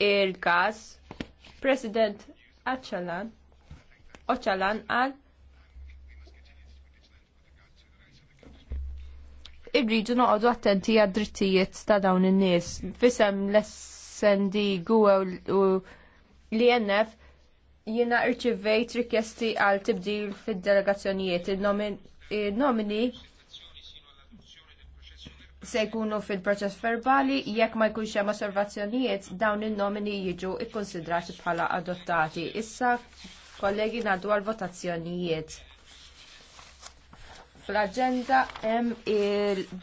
il-gas, President Oċalan, Oċalan għal irridu noqogħdu attenti għad drittijiet ta' dawn in-nies. Fisem l-SND u l-INF jiena irċivejt rikjesti għal tibdil fid-delegazzjonijiet. Il-nomini se jkunu fil-proċess verbali jekk ma jkunx hemm osservazzjonijiet dawn in-nomini jiġu ikkonsidrati bħala adottati. Issa kollegi ngħaddu għal votazzjonijiet. fl agenda hemm il